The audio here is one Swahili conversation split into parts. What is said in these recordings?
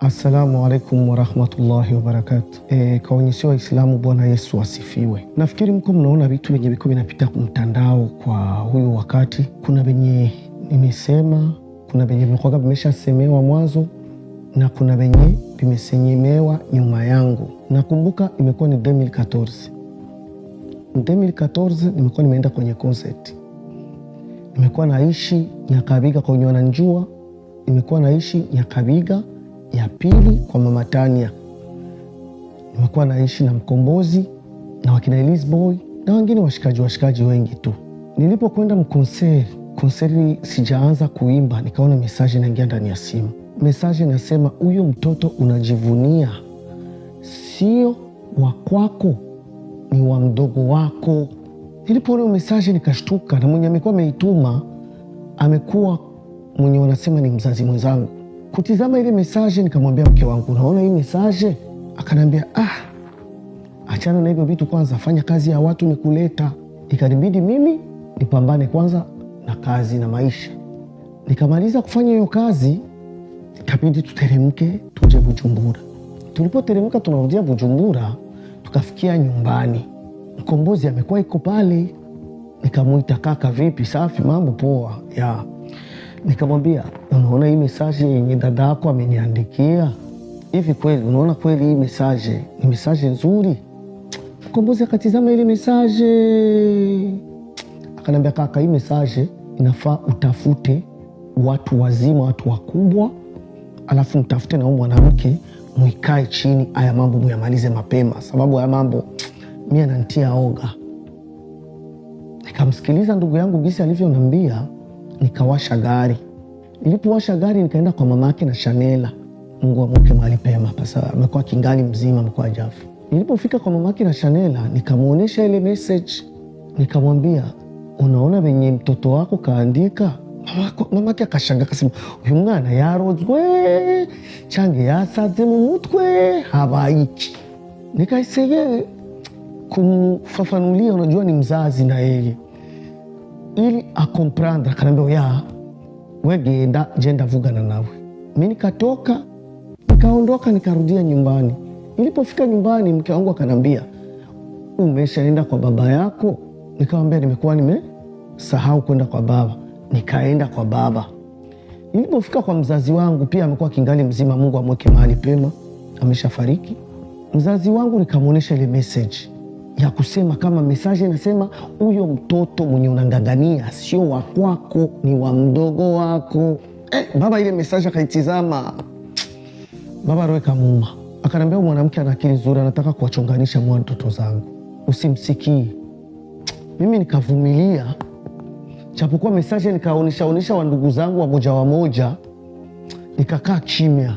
Assalamu alaikum warahmatullahi wabarakatu. E, wa Waislamu, Bwana Yesu asifiwe. Nafikiri mko mnaona vitu vyenye viko vinapita mtandao kwa huyu wakati. Kuna venye nimesema, kuna venye vimekuwa vimeshasemewa mwanzo na kuna venye vimesenyemewa nyuma yangu. Nakumbuka imekuwa ni 2014 2014 nimekuwa nimeenda kwenye concert, nimekuwa naishi Nyakabiga wenye wananjua, nimekuwa naishi Nyakabiga ya pili kwa Mama Tania. Nimekuwa naishi na Mkombozi na wakina Boy na wengine washikaji washikaji wengi tu. Nilipokwenda mkonseri, konseri sijaanza kuimba, nikaona mesaji naingia ndani ya simu. Mesaji nasema huyo mtoto unajivunia sio wa kwako, ni wa mdogo wako. Nilipoona hiyo mesaji nikashtuka, na mwenye amekuwa ameituma amekuwa mwenye wanasema ni mzazi mwenzangu kutizama ile mesaje, nikamwambia mke wangu, unaona hii mesaje? Akanambia ah, achana na hivyo vitu kwanza, fanya kazi ya watu ni kuleta. Ikanibidi mimi nipambane kwanza na kazi na maisha. Nikamaliza kufanya hiyo kazi, ikabidi tuteremke tuje Bujumbura. Tulipoteremka tunarudia Bujumbura, tukafikia nyumbani, Mkombozi amekuwa iko pale. Nikamwita, kaka, vipi? Safi, mambo poa, ya Nikamwambia, unaona hii mesaje yenye dada yako ameniandikia hivi kweli, unaona kweli hii mesaje ni mesaje nzuri? Mkombozi akatizama ile mesaje akanambia, kaka, hii mesaje inafaa utafute watu wazima, watu wakubwa, alafu mtafute na mwanamke mwikae chini, haya mambo muyamalize mapema, sababu haya mambo mi anantia oga. Nikamsikiliza ndugu yangu gisi alivyonambia nikawasha gari. Nilipowasha gari nikaenda kwa mamake na Shanela, Mungu amweke mahali pema sababu amekuwa kingali mzima, amekuwa jafu Nilipofika kwa mamake na Shanela nikamwonyesha ile message, nikamwambia unaona venye mtoto wako kaandika. Mamake akashanga, akasema, uyu mwana yarozwe change yasaze mu mutwe habaiki. Nikaiseye kumfafanulia, unajua ni mzazi na yeye ili akomprendre akaniambia, ya we genda, jenda vugana nawe. Mi nikatoka nikaondoka, nikarudia nyumbani. ilipofika nyumbani, mke wangu akanambia, umeshaenda kwa baba yako? nikawambia nimekuwa nimesahau kwenda kwa baba. Nikaenda kwa baba. Nilipofika kwa mzazi wangu, pia amekuwa kingali mzima, Mungu amweke mahali pema, ameshafariki. Mzazi wangu nikamwonyesha ile message ya kusema kama mesaje inasema, huyo mtoto mwenye unang'ang'ania sio wa kwako, ni wa mdogo wako. Eh, baba ile mesaje akaitizama, baba roho akanaambia mwanamke ana akili nzuri, anataka kuwachonganisha mwa mtoto zangu, usimsikii. Mimi nikavumilia, chapokuwa mesaje nikaonishaonisha wa ndugu zangu wamoja wamoja, nikakaa kimya,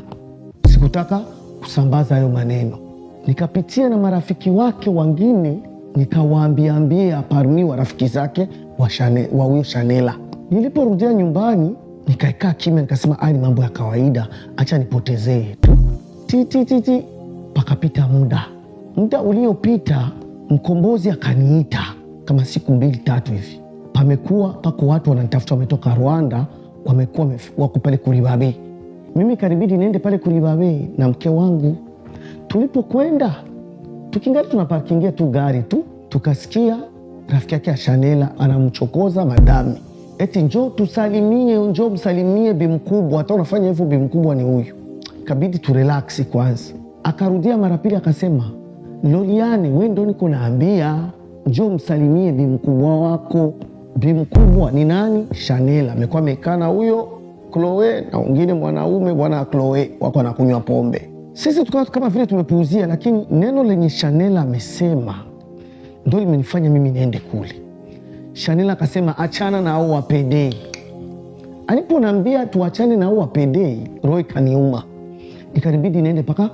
sikutaka kusambaza hayo maneno nikapitia na marafiki wake wengine, nikawaambiaambia wa rafiki zake wa huyo Shanela. Niliporudia nyumbani, nikaekaa kimya, nikasema ni mambo ya kawaida, acha nipotezee tu tititi Pakapita muda, muda uliopita Mkombozi akaniita kama siku mbili tatu hivi, pamekuwa pako watu wananitafuta, wametoka Rwanda, wamekuwa wako pale Kuribabe. Mimi karibidi niende pale Kuribabe na mke wangu Tulipokwenda tukingali tunapakingia tu gari tu, tukasikia rafiki yake ya shanela anamchokoza madami, eti njo tusalimie, njo msalimie bimkubwa. Hata unafanya hivyo bimkubwa ni huyu. Kabidi turelaksi kwanza. Akarudia mara pili, akasema loliani we ndo niko naambia njo msalimie bimkubwa wako. Bimkubwa ni nani? Shanela amekuwa amekaa na huyo Chloe na wengine mwanaume bwana Chloe wako anakunywa pombe sisi tukawa kama vile tunapuuzia, lakini neno lenye Chanel amesema ndo limenifanya mimi niende kule. Chanel akasema achana na au wapendei. Aliponaambia tuachane na au wapendei, roho ikaniuma, ikanibidi niende mpaka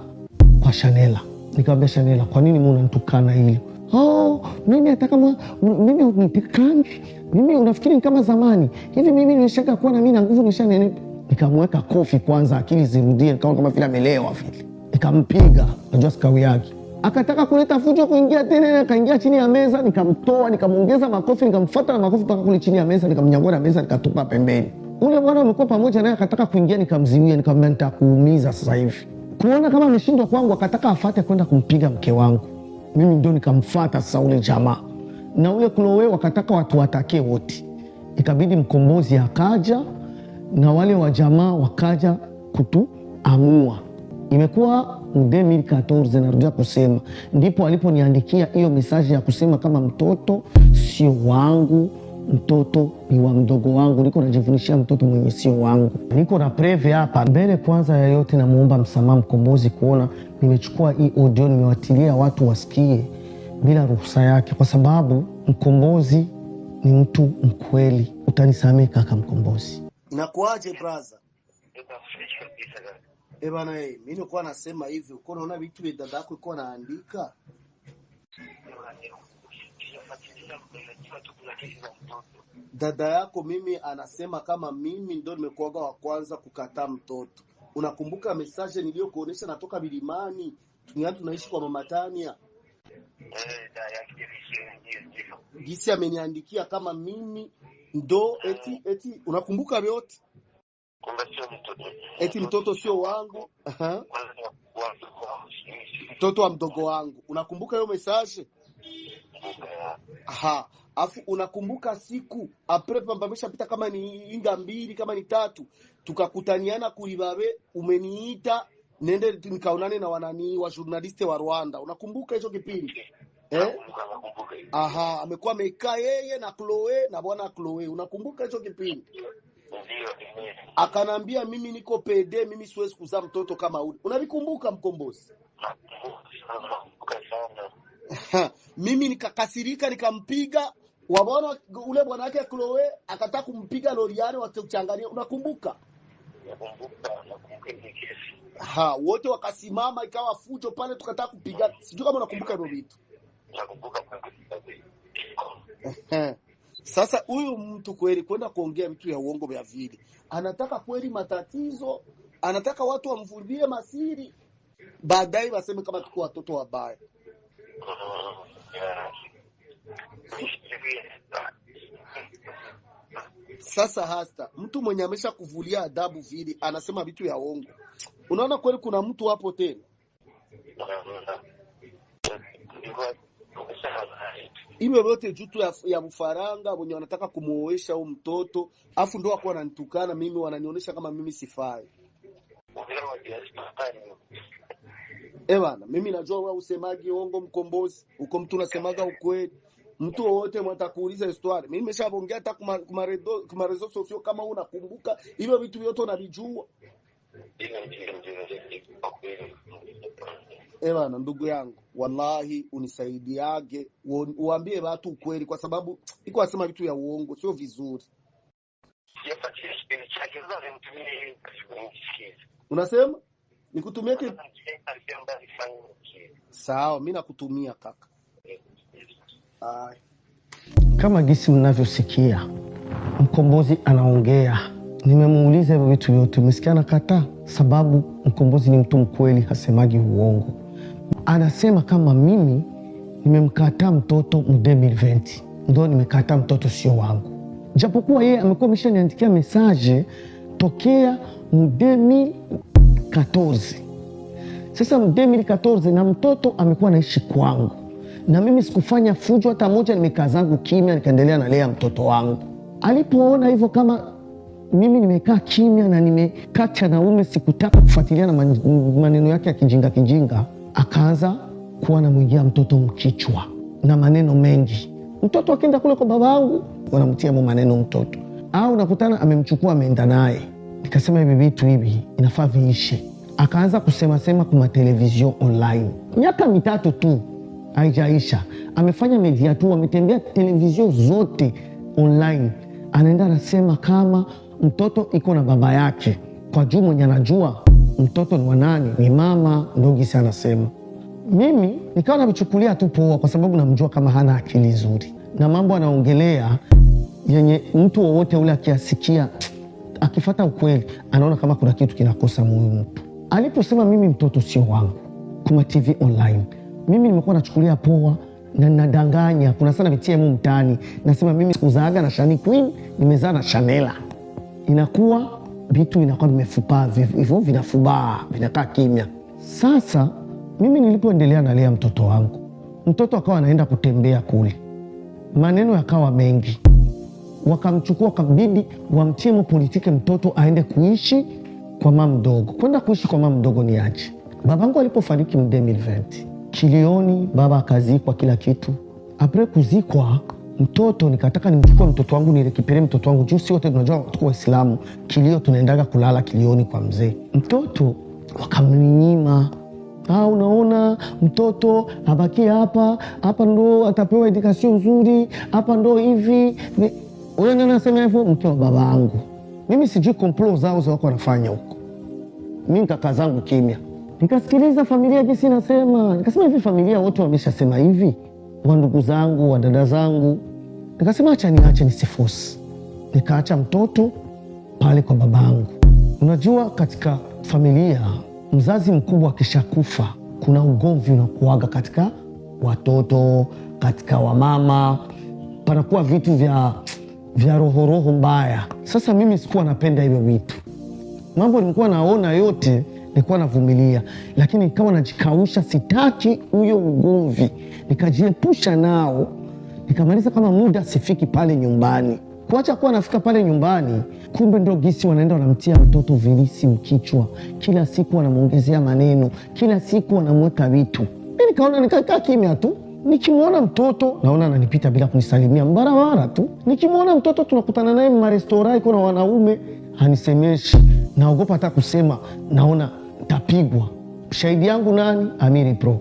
kwa Chanel. Nikamwambia Chanel, kwa nini munanitukana hili? Oh, mimi hata kama mimi unitikani mimi, unafikiri ni kama zamani hivi? Mimi nimeshaga kuwa na mimi na nguvu, nishanenepa. Nikamweka kofi kwanza, akili zirudie, nikaona kama vile amelewa vile nikampiga, najua sikawi yake. Akataka kuleta fujo kuingia tena, akaingia chini ya meza, nikamtoa, nikamongeza makofi, nikamfuata na makofi mpaka kule chini ya meza, nikamnyangua na meza, nikatupa pembeni. Ule bwana amekuwa pamoja naye akataka kuingia, nikamziwia, nikamwambia nitakuumiza sasa hivi. Kuona kama ameshindwa kwangu, akataka afate kwenda kumpiga mke wangu, mimi ndio nikamfata sasa ule jamaa na ule kulowewa, wakataka watu watakee wote, ikabidi mkombozi akaja na wale wa jamaa wakaja kutuamua imekuwa 2014 narudia kusema, ndipo aliponiandikia hiyo mesaji ya kusema kama mtoto sio wangu, mtoto ni wa mdogo wangu, niko najivunishia mtoto mwenye sio wangu. Niko na preve hapa mbele. Kwanza ya yote, namuomba msamaha Mkombozi kuona nimechukua hii audio nimewatilia watu wasikie bila ruhusa yake, kwa sababu Mkombozi ni mtu mkweli. Utanisamehe kaka Mkombozi. Inakuaje braza? E bana mimi eh, nilikuwa nasema hivi, uko naona vitu vya dada yako iko naandika dada yako. Mimi anasema kama mimi ndo nimekuaga wa kwanza kukataa mtoto. Unakumbuka message niliyokuonesha natoka Bilimani, tunia tunaishi kwa mama Tania gisi ameniandikia kama mimi ndo eti, eti unakumbuka vyote sio mtoto, eti mtoto sio wangu. Aha, mtoto wa mdogo wangu. Unakumbuka hiyo message? Aha, afu unakumbuka siku apre pambamesha pita kama ni inga mbili kama ni tatu, tukakutaniana kuibabe umeniita nende nikaonane na wanani wa journaliste wa Rwanda. Unakumbuka hicho kipindi eh? Aha, amekuwa amekaa yeye na Chloe na bwana Chloe, unakumbuka hicho kipindi Akanambia mimi niko pede, mimi siwezi kuzaa mtoto kama ule. Unavikumbuka mkombozi? mimi nikakasirika, nikampiga wabona ule bwana wake Chloe akataka kumpiga Loriane, wakuchangania. Unakumbuka? Ha, wote wakasimama, ikawa fujo pale, tukataka kupiga. Sijui kama unakumbuka hilo vitu. Sasa huyu mtu kweli kwenda kuongea vitu ya uongo vya vile, anataka kweli matatizo, anataka watu wamvulie masiri, baadaye waseme kama tuko watoto wabaya. Sasa hasta mtu mwenye amesha kuvulia adabu vile anasema vitu ya uongo, unaona kweli kuna mtu hapo tena ile yote jutu ya, ya mfaranga mwenye wanataka kumuoesha huu mtoto, afu ndo wako wananitukana mimi, wananionyesha kama mimi sifai. Eh bana, mimi najua wewe usemagi ongo mkombozi, uko mtu unasemaga ukweli. Mtu wowote mwatakuuliza histoire. Mimi nimeshaongea hata kuma rezo sosio, kama unakumbuka hivyo vitu vyote unavijua ewa na ndugu yangu, wallahi unisaidiage, uambie watu ukweli, kwa sababu iko asema vitu ya uongo sio vizuri. Unasema nikutumie kitu sawa? Mi nakutumia kaka. Kama gisi mnavyosikia Mkombozi anaongea, nimemuuliza hivyo vitu vyote, umesikia anakataa, sababu Mkombozi ni mtu mkweli, hasemagi uongo anasema kama mimi nimemkataa mtoto mu 2020 ndo nimekataa mtoto sio wangu, japokuwa yeye amekuwa ameshaniandikia mesaje tokea mu 2014. Sasa mu 2014 na mtoto amekuwa anaishi kwangu, na mimi sikufanya fujo hata moja, nimekaa zangu kimya, nikaendelea nalea mtoto wangu. Alipoona hivyo kama mimi nimekaa kimya na nimekata naume, sikutaka kufuatilia na maneno yake ya kijinga kijinga akaanza kuwa namwingia mtoto mkichwa na maneno mengi. Mtoto akienda kule kwa baba yangu wanamtia mo maneno mtoto, au nakutana amemchukua ameenda naye. Nikasema hivi vitu hivi inafaa viishe. Akaanza kusemasema kwa televizio online, miaka mitatu tu haijaisha, amefanya media tu, ametembea televizio zote online, anaenda anasema kama mtoto iko na baba yake kwa juu mwenye anajua mtoto ni wa nani? Ni mama. Ndugise anasema mimi nikawa namchukulia tu poa, kwa sababu namjua kama hana akili nzuri na mambo anaongelea yenye mtu wowote ule akiasikia akifata ukweli, anaona kama kuna kitu kinakosa moyo mtu. Aliposema mimi mtoto sio wangu, Kuma TV Online, mimi nimekuwa nachukulia poa na nadanganya. Kuna sana vitia mu mtaani, nasema mimi sikuzaaga na Shani Queen, nimezaa na Shanela. Inakuwa vitu vinakuwa vimefupaa hivyo, vinafubaa vinakaa kimya. Sasa mimi nilipoendelea nalea mtoto wangu, mtoto akawa anaenda kutembea kule, maneno yakawa mengi, wakamchukua kabidi wamtie politike, mtoto aende kuishi kwa mama mdogo. Kwenda kuishi kwa mama mdogo ni aje? Babangu alipofariki mdemilventi, kilioni, baba akazikwa, kila kitu apre kuzikwa mtoto nikataka nimchukue mtoto wangu nirekipele mtoto wangu juu, si wote tunajua tuko Waislamu, kilio tunaendaga kulala kilioni kwa mzee. Mtoto wakamnyima Ah, unaona mtoto abakie hapa hapa, ndo atapewa edikasio nzuri, hapa ndo hivi. Ule nani hivyo? Mke wa baba yangu. Mimi sijui komplo zao za wako wanafanya huko, mi kaka zangu kimya. Nikasikiliza familia jinsi inasema, nikasema hivi, familia wote wameshasema hivi, wa ndugu zangu wa dada zangu Nikasema acha niache nisifosi, nikaacha mtoto pale kwa babangu. Unajua, katika familia mzazi mkubwa akishakufa kuna ugomvi unakuaga katika watoto, katika wamama, panakuwa vitu vya vya rohoroho mbaya. Sasa mimi sikuwa napenda hivyo vitu, mambo nilikuwa naona yote nilikuwa navumilia, lakini nikawa najikausha, sitaki huyo ugomvi, nikajiepusha nao nikamaliza kama muda sifiki pale nyumbani. Kuacha kuwa nafika pale nyumbani, kumbe ndo gisi wanaenda wanamtia mtoto vilisi mkichwa, kila siku wanamwongezea maneno, kila siku wanamweka vitu. Mi nikaona nikakaa kimya tu nikimwona mtoto naona ananipita bila kunisalimia mbarabara tu. Nikimwona mtoto tunakutana naye marestora, iko na wanaume, hanisemeshi, naogopa hata kusema, naona ntapigwa. Shahidi yangu nani? Amiri Pro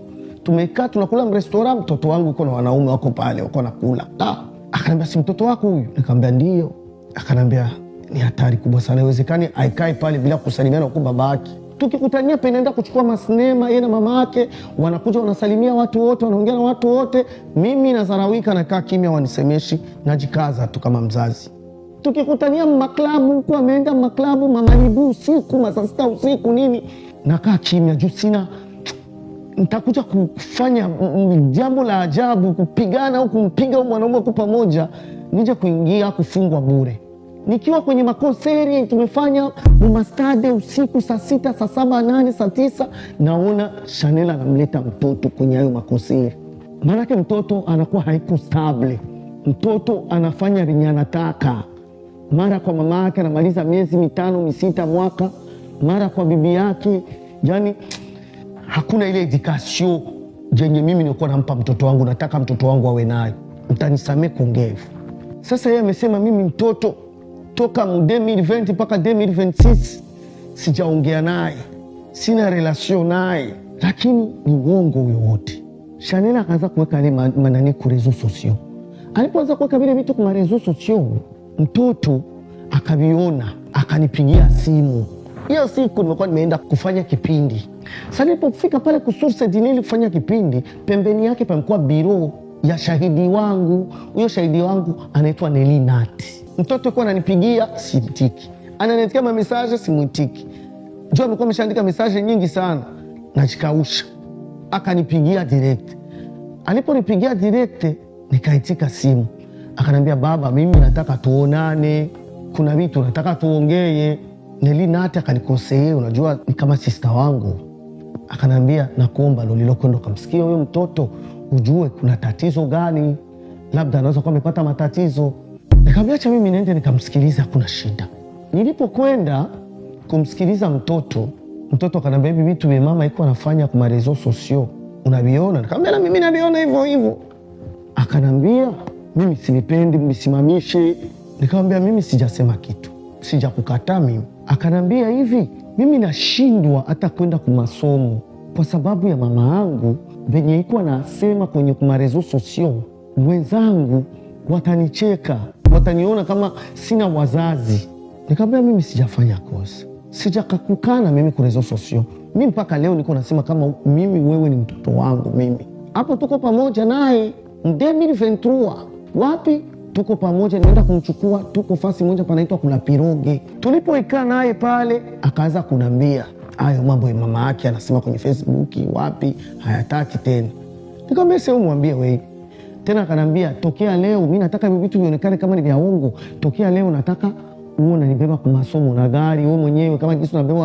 tumekaa tunakula mrestora, mtoto wangu uko na wanaume wako pale wako nakula. akanambia ah, si mtoto wako huyu? Nikamwambia ndio. akanambia ni hatari kubwa sana, iwezekani aikae pale bila kusalimiana huko baba yake. Tukikutania penaenda kuchukua masinema, yeye na mama yake wanakuja, wanasalimia watu wote, wanaongea na watu wote, mimi nadharawika, nakaa kimya, wanisemeshi, najikaza tu kama mzazi. Tukikutania maklabu huku, ameenda maklabu mamalibu usiku masaa sita usiku nini, nakaa kimya juu sina ntakuja kufanya jambo la ajabu, kupigana au kumpiga mwanaume kwa pamoja, nije kuingia kufungwa bure nikiwa kwenye makoseri tumefanya umastade usiku saa sita saa saba nane saa tisa naona Chanel anamleta mtoto kwenye hayo makoseri. Maanake mtoto anakuwa haiko stable, mtoto anafanya rinyanataka mara kwa mama yake, anamaliza miezi mitano misita mwaka, mara kwa bibi yake, yani hakuna ile edikasio jenye mimi nilikuwa nampa mtoto wangu, nataka mtoto wangu awe nayo. Mtanisamee kuongea Sasa yeye amesema mimi mtoto toka 2020 mpaka 2026 sijaongea naye, sina relasio naye, lakini ni uongo huyo wote. Chanel akaanza kuweka ile manani ku reseaux sociaux. Alipoanza kuweka vile vitu kwa reseaux sociaux, mtoto akaviona akanipigia simu hiyo siku nimekuwa nimeenda kufanya kipindi. Sasa nilipofika pale kusurseti nili kufanya kipindi, pembeni yake pamekuwa biro ya shahidi wangu. Huyo shahidi wangu anaitwa Nelinati, mtoto kuwa ananipigia simtiki, ananiandikia mamesaje simwitiki, juu amekuwa ameshaandika mesaje nyingi sana, najikausha. Akanipigia direct, aliponipigia direct nikaitika simu, akanambia baba, mimi nataka tuonane, kuna vitu nataka tuongee Nelina hata akanikonseye, unajua ni kama sista wangu, akanambia nakuomba lolilokwenda kamsikia huyo mtoto ujue kuna tatizo gani, labda anaweza kuwa amepata matatizo. Nikamwambia acha mimi niende nikamsikiliza, hakuna shida. Nilipokwenda kumsikiliza mtoto, mtoto akanambia hivi vitu vya mama iko anafanya kwa marezo sosio, unaviona? Nikamwambia na mimi naviona hivyo hivyo. Akanambia mimi sinipendi, mnisimamishe. Nikamwambia mimi sijasema kitu sijakukataa mimi. Akanambia hivi, mimi nashindwa hata kwenda kumasomo kwa sababu ya mama yangu venye iko anasema kwenye kumarezo sosio, wenzangu watanicheka, wataniona kama sina wazazi. Nikamwambia mimi sijafanya kosa, sijakakukana mimi kurezo sosio. Mi mpaka leo niko nasema kama mimi wewe ni mtoto wangu. Mimi hapo tuko pamoja naye 2023 wapi tuko pamoja, nienda kumchukua, tuko fasi moja panaitwa kuna piroge. Tulipoikaa naye pale, akaanza kunambia hayo mambo ya mama yake, anasema kwenye Facebook wapi, hayataki tena. Nikamwambia sio, mwambie wewe tena. akanambia tokea leo mimi nataka hivi vitu vionekane kama ni vya uongo, tokea leo nataka uone nibeba kwa masomo na gari wewe mwenyewe kama jinsi unabeba